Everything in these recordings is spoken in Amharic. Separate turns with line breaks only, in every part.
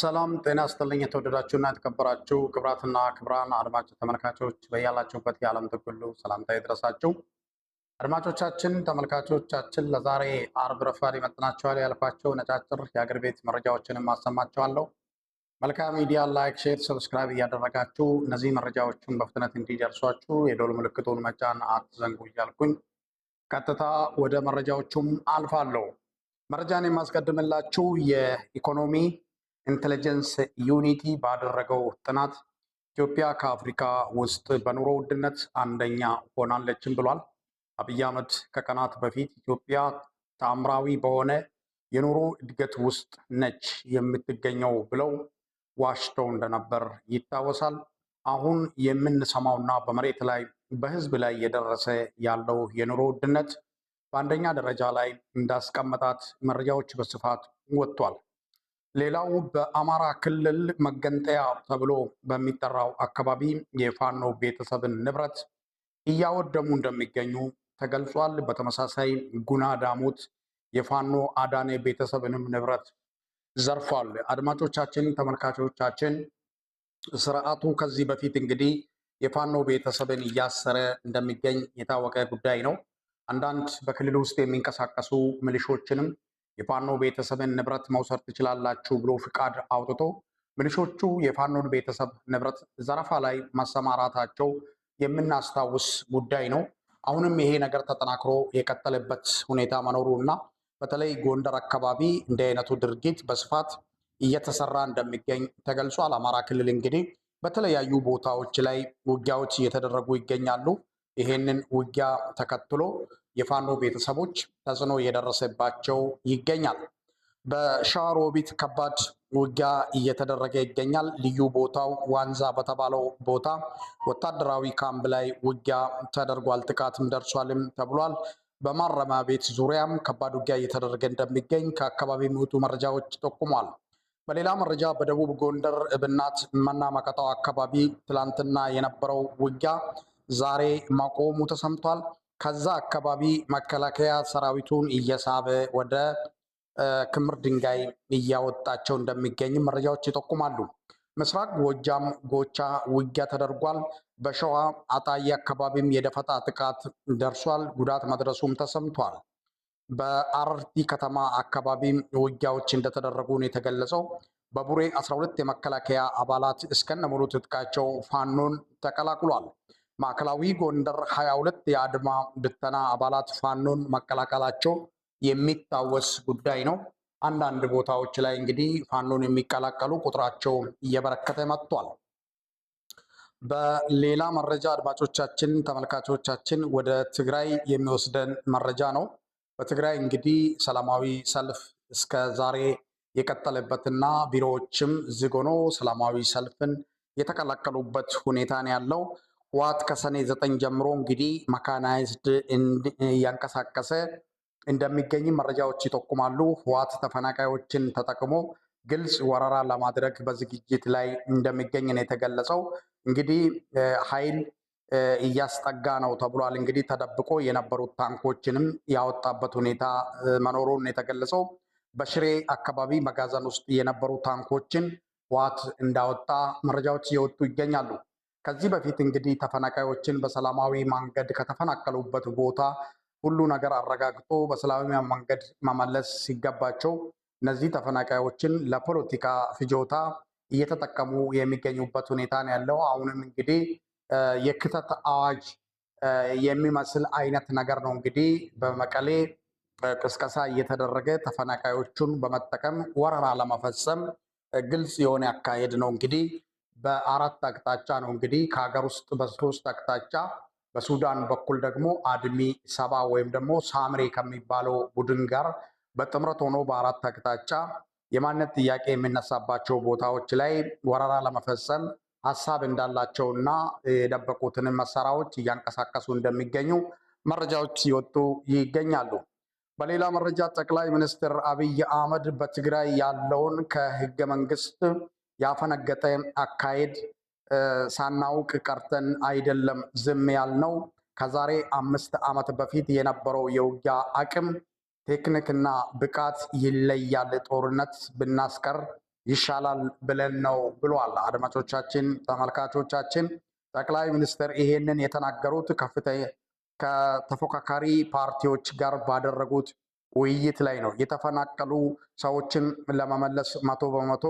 ሰላም ጤና ስጥልኝ። የተወደዳችሁና የተከበራችሁ ክብራትና ክብራን አድማጭ ተመልካቾች በያላችሁበት የዓለም ትጉሉ ሰላምታ ይድረሳችሁ። አድማጮቻችን፣ ተመልካቾቻችን ለዛሬ አርብ ረፋድ ይመጥናችኋል ያልኳቸው ነጫጭር የአገር ቤት መረጃዎችንም አሰማቸዋለሁ። መልካም ሚዲያ ላይክ፣ ሼር፣ ሰብስክራይብ እያደረጋችሁ እነዚህ መረጃዎችን በፍጥነት እንዲደርሷችሁ የዶል ምልክቱን መጫን አትዘንጉ እያልኩኝ ቀጥታ ወደ መረጃዎቹም አልፋለሁ። መረጃን የማስቀድምላችሁ የኢኮኖሚ ኢንቴሊጀንስ ዩኒቲ ባደረገው ጥናት ኢትዮጵያ ከአፍሪካ ውስጥ በኑሮ ውድነት አንደኛ ሆናለችም ብሏል። አብይ አህመድ ከቀናት በፊት ኢትዮጵያ ተአምራዊ በሆነ የኑሮ እድገት ውስጥ ነች የምትገኘው ብለው ዋሽተው እንደነበር ይታወሳል። አሁን የምንሰማውና በመሬት ላይ በህዝብ ላይ የደረሰ ያለው የኑሮ ውድነት በአንደኛ ደረጃ ላይ እንዳስቀመጣት መረጃዎች በስፋት ወጥቷል። ሌላው በአማራ ክልል መገንጠያ ተብሎ በሚጠራው አካባቢ የፋኖ ቤተሰብን ንብረት እያወደሙ እንደሚገኙ ተገልጿል። በተመሳሳይ ጉና ዳሞት የፋኖ አዳኔ ቤተሰብንም ንብረት ዘርፏል። አድማጮቻችን፣ ተመልካቾቻችን ስርዓቱ ከዚህ በፊት እንግዲህ የፋኖ ቤተሰብን እያሰረ እንደሚገኝ የታወቀ ጉዳይ ነው። አንዳንድ በክልል ውስጥ የሚንቀሳቀሱ ምልሾችንም። የፋኖ ቤተሰብን ንብረት መውሰድ ትችላላችሁ ብሎ ፍቃድ አውጥቶ ምንሾቹ የፋኖን ቤተሰብ ንብረት ዘረፋ ላይ መሰማራታቸው የምናስታውስ ጉዳይ ነው። አሁንም ይሄ ነገር ተጠናክሮ የቀጠለበት ሁኔታ መኖሩ እና በተለይ ጎንደር አካባቢ እንዲህ አይነቱ ድርጊት በስፋት እየተሰራ እንደሚገኝ ተገልጿል። አማራ ክልል እንግዲህ በተለያዩ ቦታዎች ላይ ውጊያዎች እየተደረጉ ይገኛሉ። ይህንን ውጊያ ተከትሎ የፋኖ ቤተሰቦች ተጽዕኖ እየደረሰባቸው ይገኛል። በሸዋሮቢት ከባድ ውጊያ እየተደረገ ይገኛል። ልዩ ቦታው ዋንዛ በተባለው ቦታ ወታደራዊ ካምፕ ላይ ውጊያ ተደርጓል። ጥቃትም ደርሷልም ተብሏል። በማረሚያ ቤት ዙሪያም ከባድ ውጊያ እየተደረገ እንደሚገኝ ከአካባቢ የሚወጡ መረጃዎች ጠቁሟል። በሌላ መረጃ በደቡብ ጎንደር እብናት መናመቀታው አካባቢ ትላንትና የነበረው ውጊያ ዛሬ ማቆሙ ተሰምቷል። ከዛ አካባቢ መከላከያ ሰራዊቱን እየሳበ ወደ ክምር ድንጋይ እያወጣቸው እንደሚገኝ መረጃዎች ይጠቁማሉ። ምስራቅ ጎጃም ጎቻ ውጊያ ተደርጓል። በሸዋ አጣዬ አካባቢም የደፈጣ ጥቃት ደርሷል። ጉዳት መድረሱም ተሰምቷል። በአረርቲ ከተማ አካባቢ ውጊያዎች እንደተደረጉ ነው የተገለጸው። በቡሬ 12 የመከላከያ አባላት እስከነሙሉ ትጥቃቸው ፋኖን ተቀላቅሏል። ማዕከላዊ ጎንደር 22 የአድማ ብተና አባላት ፋኖን መቀላቀላቸው የሚታወስ ጉዳይ ነው። አንዳንድ ቦታዎች ላይ እንግዲህ ፋኖን የሚቀላቀሉ ቁጥራቸው እየበረከተ መጥቷል። በሌላ መረጃ አድማጮቻችን፣ ተመልካቾቻችን ወደ ትግራይ የሚወስደን መረጃ ነው። በትግራይ እንግዲህ ሰላማዊ ሰልፍ እስከ ዛሬ የቀጠለበትና ቢሮዎችም ዝግ ሆኖ ሰላማዊ ሰልፍን የተቀላቀሉበት ሁኔታ ነው ያለው። ህወሓት ከሰኔ ዘጠኝ ጀምሮ እንግዲህ መካናይዝድ እያንቀሳቀሰ እንደሚገኝ መረጃዎች ይጠቁማሉ። ህወሓት ተፈናቃዮችን ተጠቅሞ ግልጽ ወረራ ለማድረግ በዝግጅት ላይ እንደሚገኝ ነው የተገለጸው። እንግዲህ ኃይል እያስጠጋ ነው ተብሏል። እንግዲህ ተደብቆ የነበሩት ታንኮችንም ያወጣበት ሁኔታ መኖሩን የተገለጸው በሽሬ አካባቢ መጋዘን ውስጥ የነበሩ ታንኮችን ህወሓት እንዳወጣ መረጃዎች እየወጡ ይገኛሉ። ከዚህ በፊት እንግዲህ ተፈናቃዮችን በሰላማዊ መንገድ ከተፈናቀሉበት ቦታ ሁሉ ነገር አረጋግጦ በሰላማዊ መንገድ መመለስ ሲገባቸው እነዚህ ተፈናቃዮችን ለፖለቲካ ፍጆታ እየተጠቀሙ የሚገኙበት ሁኔታ ነው ያለው። አሁንም እንግዲህ የክተት አዋጅ የሚመስል አይነት ነገር ነው እንግዲህ በመቀሌ ቅስቀሳ እየተደረገ ተፈናቃዮቹን በመጠቀም ወረራ ለመፈጸም ግልጽ የሆነ አካሄድ ነው እንግዲህ በአራት አቅጣጫ ነው እንግዲህ ከሀገር ውስጥ በሶስት አቅጣጫ በሱዳን በኩል ደግሞ አድሚ ሰባ ወይም ደግሞ ሳምሬ ከሚባለው ቡድን ጋር በጥምረት ሆኖ በአራት አቅጣጫ የማንነት ጥያቄ የሚነሳባቸው ቦታዎች ላይ ወረራ ለመፈጸም ሀሳብ እንዳላቸውና የደበቁትን መሳሪያዎች እያንቀሳቀሱ እንደሚገኙ መረጃዎች ሲወጡ ይገኛሉ። በሌላ መረጃ ጠቅላይ ሚኒስትር አብይ አህመድ በትግራይ ያለውን ከህገ መንግስት ያፈነገጠ አካሄድ ሳናውቅ ቀርተን አይደለም ዝም ያልነው። ከዛሬ አምስት ዓመት በፊት የነበረው የውጊያ አቅም፣ ቴክኒክና ብቃት ይለያል። ጦርነት ብናስቀር ይሻላል ብለን ነው ብሏል። አድማጮቻችን፣ ተመልካቾቻችን ጠቅላይ ሚኒስትር ይሄንን የተናገሩት ከተፎካካሪ ፓርቲዎች ጋር ባደረጉት ውይይት ላይ ነው። የተፈናቀሉ ሰዎችን ለመመለስ መቶ በመቶ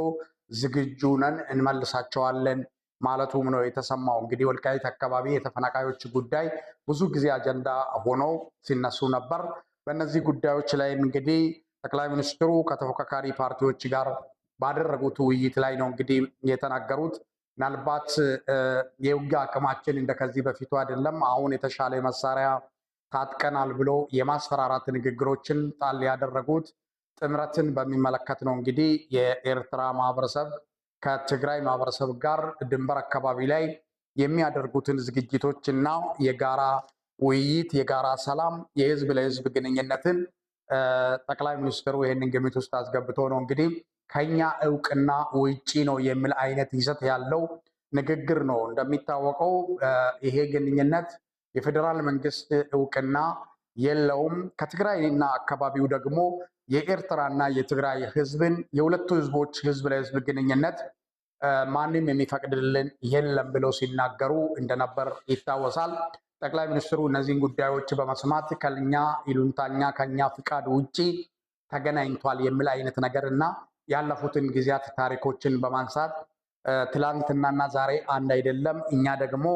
ዝግጁ ነን እንመልሳቸዋለን ማለቱም ነው የተሰማው። እንግዲህ ወልቃይት አካባቢ የተፈናቃዮች ጉዳይ ብዙ ጊዜ አጀንዳ ሆኖ ሲነሱ ነበር። በእነዚህ ጉዳዮች ላይም እንግዲህ ጠቅላይ ሚኒስትሩ ከተፎካካሪ ፓርቲዎች ጋር ባደረጉት ውይይት ላይ ነው እንግዲህ የተናገሩት። ምናልባት የውጊያ አቅማችን እንደከዚህ በፊቱ አይደለም፣ አሁን የተሻለ መሳሪያ ታጥቀናል ብሎ የማስፈራራት ንግግሮችን ጣል ያደረጉት ጥምረትን በሚመለከት ነው። እንግዲህ የኤርትራ ማህበረሰብ ከትግራይ ማህበረሰብ ጋር ድንበር አካባቢ ላይ የሚያደርጉትን ዝግጅቶች እና የጋራ ውይይት፣ የጋራ ሰላም፣ የህዝብ ለህዝብ ግንኙነትን ጠቅላይ ሚኒስትሩ ይህንን ግምት ውስጥ አስገብቶ ነው እንግዲህ ከኛ እውቅና ውጪ ነው የሚል አይነት ይዘት ያለው ንግግር ነው። እንደሚታወቀው ይሄ ግንኙነት የፌዴራል መንግስት እውቅና የለውም። ከትግራይና አካባቢው ደግሞ የኤርትራና የትግራይ ህዝብን የሁለቱ ህዝቦች ህዝብ ለህዝብ ግንኙነት ማንም የሚፈቅድልን የለም ብለው ሲናገሩ እንደነበር ይታወሳል። ጠቅላይ ሚኒስትሩ እነዚህን ጉዳዮች በመስማት ከኛ ይሉንታኛ ከኛ ፍቃድ ውጪ ተገናኝቷል የሚል አይነት ነገር እና ያለፉትን ጊዜያት ታሪኮችን በማንሳት ትላንትናና ዛሬ አንድ አይደለም፣ እኛ ደግሞ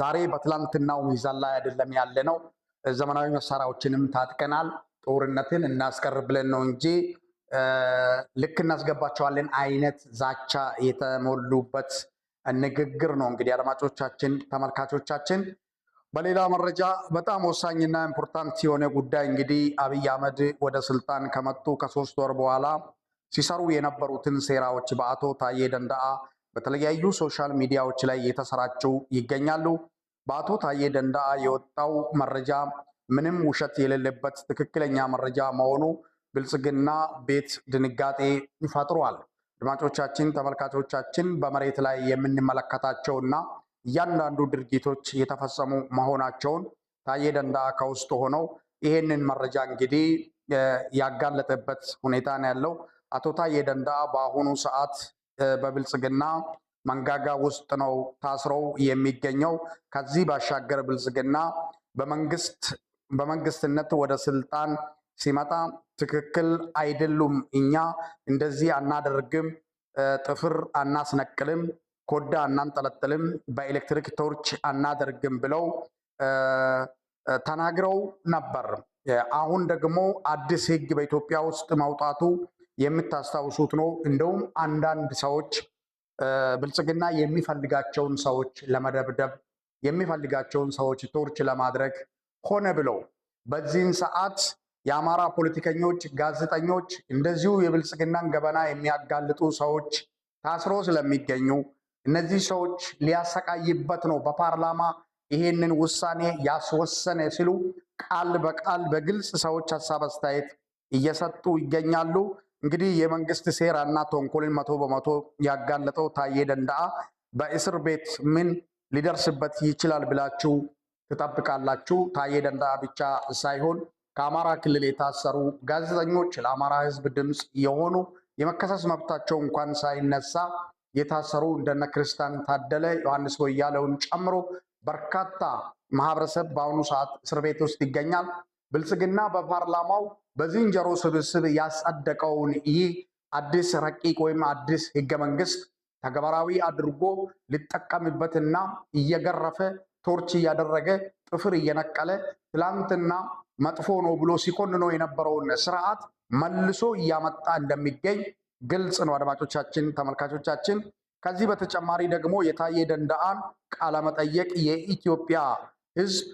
ዛሬ በትላንትናው ሚዛን ላይ አይደለም ያለ ነው ዘመናዊ መሳሪያዎችንም ታጥቀናል። ጦርነትን እናስቀር ብለን ነው እንጂ ልክ እናስገባቸዋለን አይነት ዛቻ የተሞሉበት ንግግር ነው። እንግዲህ አድማጮቻችን፣ ተመልካቾቻችን በሌላ መረጃ በጣም ወሳኝና ኢምፖርታንት የሆነ ጉዳይ እንግዲህ አብይ አህመድ ወደ ስልጣን ከመጡ ከሶስት ወር በኋላ ሲሰሩ የነበሩትን ሴራዎች በአቶ ታዬ ደንዳአ በተለያዩ ሶሻል ሚዲያዎች ላይ የተሰራጩ ይገኛሉ። በአቶ ታዬ ደንዳአ የወጣው መረጃ ምንም ውሸት የሌለበት ትክክለኛ መረጃ መሆኑ ብልጽግና ቤት ድንጋጤ ይፈጥሯል። አድማጮቻችን፣ ተመልካቾቻችን በመሬት ላይ የምንመለከታቸውና እያንዳንዱ ድርጊቶች የተፈጸሙ መሆናቸውን ታዬ ደንዳአ ከውስጥ ሆነው ይሄንን መረጃ እንግዲህ ያጋለጠበት ሁኔታ ነው ያለው። አቶ ታዬ ደንዳአ በአሁኑ ሰዓት በብልጽግና መንጋጋ ውስጥ ነው ታስረው የሚገኘው። ከዚህ ባሻገር ብልጽግና በመንግስትነት ወደ ስልጣን ሲመጣ ትክክል አይደሉም፣ እኛ እንደዚህ አናደርግም፣ ጥፍር አናስነቅልም፣ ኮዳ አናንጠለጥልም፣ በኤሌክትሪክ ቶርች አናደርግም ብለው ተናግረው ነበር። አሁን ደግሞ አዲስ ህግ በኢትዮጵያ ውስጥ መውጣቱ የምታስታውሱት ነው። እንደውም አንዳንድ ሰዎች ብልጽግና የሚፈልጋቸውን ሰዎች ለመደብደብ የሚፈልጋቸውን ሰዎች ቶርች ለማድረግ ሆነ ብለው በዚህን ሰዓት የአማራ ፖለቲከኞች፣ ጋዜጠኞች እንደዚሁ የብልጽግናን ገበና የሚያጋልጡ ሰዎች ታስሮ ስለሚገኙ እነዚህ ሰዎች ሊያሰቃይበት ነው በፓርላማ ይሄንን ውሳኔ ያስወሰነ ሲሉ ቃል በቃል በግልጽ ሰዎች ሀሳብ አስተያየት እየሰጡ ይገኛሉ። እንግዲህ የመንግስት ሴራና ተንኮልን መቶ በመቶ ያጋለጠው ታዬ ደንደአ በእስር ቤት ምን ሊደርስበት ይችላል ብላችሁ ትጠብቃላችሁ? ታዬ ደንደአ ብቻ ሳይሆን ከአማራ ክልል የታሰሩ ጋዜጠኞች፣ ለአማራ ህዝብ ድምፅ የሆኑ የመከሰስ መብታቸው እንኳን ሳይነሳ የታሰሩ እንደነ ክርስቲያን ታደለ፣ ዮሐንስ ወያለውን ጨምሮ በርካታ ማህበረሰብ በአሁኑ ሰዓት እስር ቤት ውስጥ ይገኛል። ብልጽግና በፓርላማው በዝንጀሮ ስብስብ ያጸደቀውን ይህ አዲስ ረቂቅ ወይም አዲስ ህገ መንግስት ተግባራዊ አድርጎ ሊጠቀምበትና እየገረፈ ቶርች እያደረገ ጥፍር እየነቀለ ትላንትና መጥፎ ነው ብሎ ሲኮንኖ የነበረውን ስርዓት መልሶ እያመጣ እንደሚገኝ ግልጽ ነው። አድማጮቻችን፣ ተመልካቾቻችን ከዚህ በተጨማሪ ደግሞ የታየ ደንዳአን ቃለመጠየቅ የኢትዮጵያ ህዝብ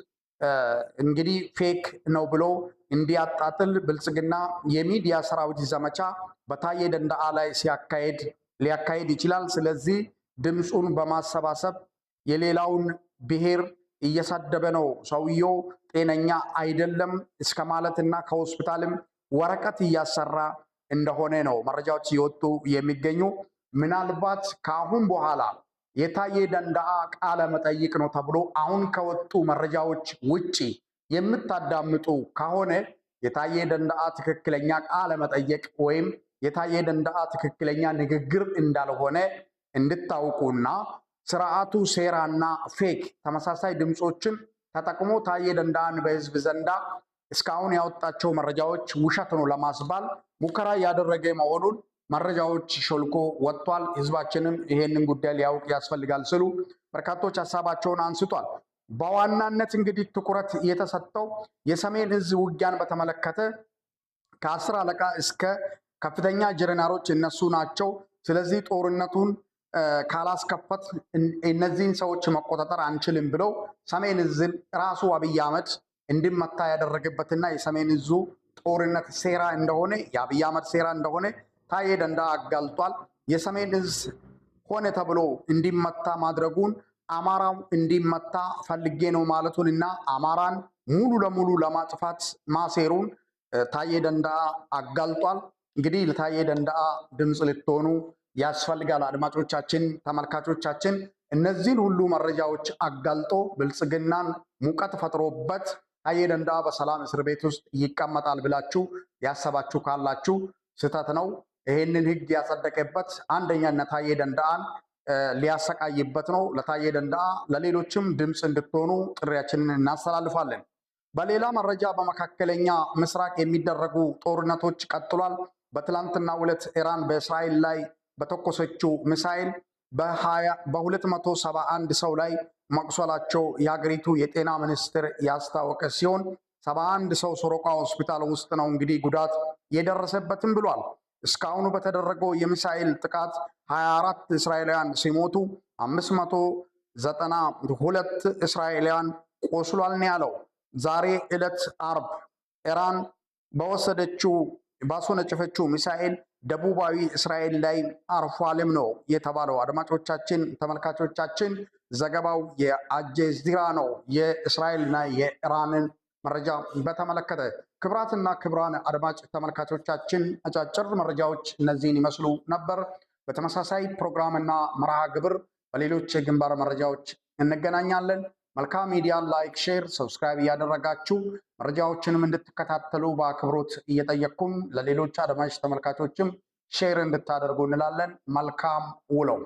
እንግዲህ ፌክ ነው ብሎ እንዲያጣጥል ብልጽግና የሚዲያ ሰራዊት ዘመቻ በታዬ ደንዳአ ላይ ሲያካሄድ ሊያካሄድ ይችላል። ስለዚህ ድምፁን በማሰባሰብ የሌላውን ብሔር እየሳደበ ነው ሰውየው ጤነኛ አይደለም እስከ ማለት እና ከሆስፒታልም ወረቀት እያሰራ እንደሆነ ነው መረጃዎች እየወጡ የሚገኙ ምናልባት ከአሁን በኋላ የታየ ደንዳአ ቃለ መጠይቅ ነው ተብሎ አሁን ከወጡ መረጃዎች ውጪ የምታዳምጡ ከሆነ የታየ ደንዳአ ትክክለኛ ቃለ መጠየቅ ወይም የታየ ደንዳአ ትክክለኛ ንግግር እንዳልሆነ እንድታውቁና ስርዓቱ ሴራና ፌክ ተመሳሳይ ድምፆችን ተጠቅሞ ታየ ደንዳአን በህዝብ ዘንዳ እስካሁን ያወጣቸው መረጃዎች ውሸት ነው ለማስባል ሙከራ ያደረገ መሆኑን መረጃዎች ሾልኮ ወጥቷል። ህዝባችንም ይሄንን ጉዳይ ሊያውቅ ያስፈልጋል ስሉ በርካቶች ሀሳባቸውን አንስቷል። በዋናነት እንግዲህ ትኩረት የተሰጠው የሰሜን እዝ ውጊያን በተመለከተ ከአስር አለቃ እስከ ከፍተኛ ጀነራሎች እነሱ ናቸው። ስለዚህ ጦርነቱን ካላስከፈት እነዚህን ሰዎች መቆጣጠር አንችልም ብለው ሰሜን ህዝብ ራሱ አብይ አህመድ እንዲመታ ያደረገበትና የሰሜን እዙ ጦርነት ሴራ እንደሆነ የአብይ አህመድ ሴራ እንደሆነ ታዬ ደንዳ አጋልጧል። የሰሜን እዝ ሆነ ተብሎ እንዲመታ ማድረጉን አማራው እንዲመታ ፈልጌ ነው ማለቱን እና አማራን ሙሉ ለሙሉ ለማጥፋት ማሴሩን ታዬ ደንዳ አጋልጧል። እንግዲህ ለታዬ ደንዳ ድምፅ ልትሆኑ ያስፈልጋል። አድማጮቻችን፣ ተመልካቾቻችን እነዚህን ሁሉ መረጃዎች አጋልጦ ብልጽግናን ሙቀት ፈጥሮበት ታዬ ደንዳ በሰላም እስር ቤት ውስጥ ይቀመጣል ብላችሁ ያሰባችሁ ካላችሁ ስህተት ነው። ይህንን ህግ ያጸደቀበት አንደኛ ታዬ ደንዳአን ሊያሰቃይበት ነው። ለታዬ ደንዳአ ለሌሎችም ድምፅ እንድትሆኑ ጥሪያችንን እናስተላልፋለን። በሌላ መረጃ በመካከለኛ ምስራቅ የሚደረጉ ጦርነቶች ቀጥሏል። በትላንትና ሁለት ኢራን በእስራኤል ላይ በተኮሰችው መቶ በ271 ሰው ላይ መቁሰላቸው የሀገሪቱ የጤና ሚኒስትር ያስታወቀ ሲሆን 71 ሰው ሶሮቃ ሆስፒታል ውስጥ ነው እንግዲህ ጉዳት የደረሰበትም ብሏል። እስካሁኑ በተደረገው የሚሳኤል ጥቃት 24 እስራኤላውያን ሲሞቱ 592 እስራኤላውያን ቆስሏል ነው ያለው። ዛሬ ዕለት አርብ ኢራን በወሰደችው ባስወነጨፈችው ሚሳኤል ደቡባዊ እስራኤል ላይ አርፏልም ነው የተባለው። አድማጮቻችን፣ ተመልካቾቻችን ዘገባው የአልጀዚራ ነው። የእስራኤልና የኢራንን መረጃ በተመለከተ ክብራትና ክብራን አድማጭ ተመልካቾቻችን አጫጭር መረጃዎች እነዚህን ይመስሉ ነበር። በተመሳሳይ ፕሮግራምና መርሃ ግብር በሌሎች የግንባር መረጃዎች እንገናኛለን። መልካም ሚዲያ ላይክ፣ ሼር፣ ሰብስክራይብ እያደረጋችሁ መረጃዎችንም እንድትከታተሉ በአክብሮት እየጠየቅኩም ለሌሎች አድማጭ ተመልካቾችም ሼር እንድታደርጉ እንላለን። መልካም ውለው